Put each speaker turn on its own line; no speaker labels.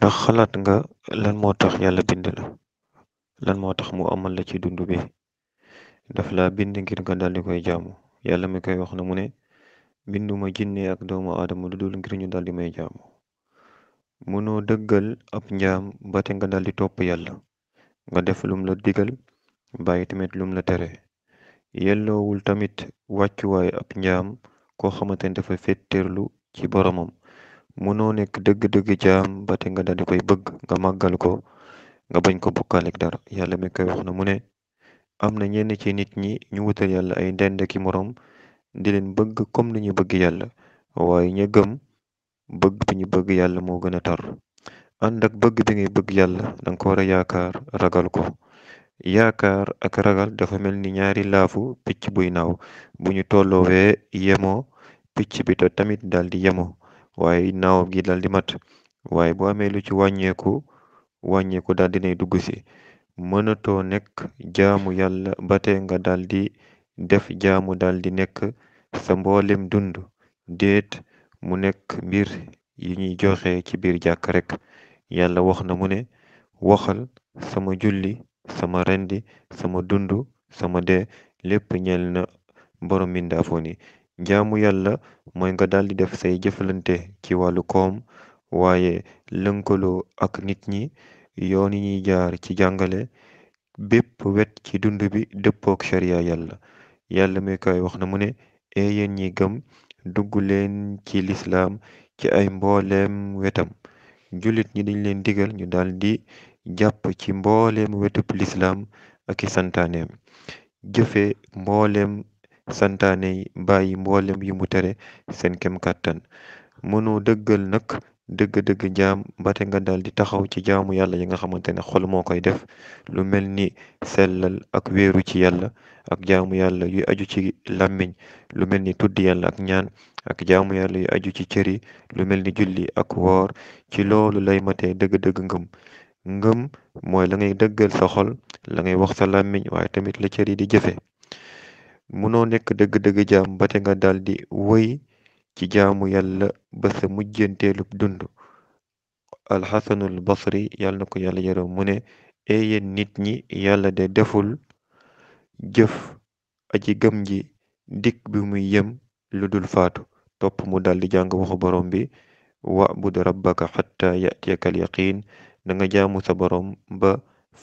ndax xalaat nga lan moo tax yàlla bind la lan moo tax mu amal la ci dund bi daf la bind ngir nga daal di koy jaamu yàlla mi koy wax na mu ne binduma jinne ak doomu aadama lu ngir ñu daal di may jaamu mënoo dëggal ab njam ba nga daal di topp yàlla nga def lum la digal bàyyi tamit lum la tere yelloowul tamit wàccuwaay ab njaam koo xamante ne dafa féttéerlu ci boromam mënoo nekk dëgg-dëgg jaam ba nga daal koy bëgg nga màggal ko nga bañ ko bokkaaleeg dara yàlla mi koy wax na mu ne am na ñenn ci nit ñi ñu wutal yàlla ay ndend ki moroom di leen bëgg comme ni ñu bëgg yàlla waaye ña gëm bëgg bi ñu bëgg yàlla moo gën a tar ànd ak bëgg yàlla danga ko war a yaakaar ragal ko yaakaar dafa mel ni ñaari laafu picc buy naw bu ñu tolloowee yemoo picc bi tamit dal di yemoo waaye naawam gi daal di mat waaye boo amee lu ci wàññeeku wàññeeku daal dinay dugg si mënatoo nekk jaamu yàlla ba nga daldi def jaamu daal di nekk sa mboolem dund déet mu nekk mbir yi ñuy joxe ci biir jàkk rek yàlla wax na mu ne waxal sama julli sama rendi sama dund sama dee lépp ñeel na borom mindaafoon jaamu yàlla mooy nga daal def say jëflante ci wàllu koom waaye lënkaloo ak nit ñi yoon yi ñuy jaar ci jàngale bépp wet ci dund bi dëppook sharia yàlla yàlla mi wax na mu ne e yéen ñi gëm dugg leen ci lislaam ci ay mboolem wetam jullit ñi dañ leen digal ñu daldi di jàpp ci mbooleem wetu lislaam ak i santaaneem jëfe mbooleem santaane yi bàyyi mboolem yi mu tere seen kem kàttan mënoo dëggal nag dëgg-dëgg jaam ba nga dal di taxaw ci jaamu yàlla yi nga xamante ne xol moo koy def lu mel ni sellal ak wéeru ci yàlla ak jaamu yàlla yu aju ci làmmiñ lu mel ni tudd yàlla ak ñaan ak jaamu yàlla yu aju ci cëri lu mel ni julli ak woor ci loolu lay matee dëgg-dëgg ngëm ngëm mooy la ngay dëggal sa xol la ngay wax sa làmmiñ waaye tamit la cëri di jëfe mënoo nekk dëgg-dëgg jaam ba te nga daldi wëy ci jaamu yàlla ba sa mujjanteelub dund alxasanul basri yàlla na ko yàlla yaram mu ne nit ñi yàlla de deful jëf aji gëm ji dikk bi muy yem lu dul faatu topp mu daldi jàng waxu borom bi wa'bud rabbaka xatta ya'tiyakal yaqiin na nga jaamu sa borom ba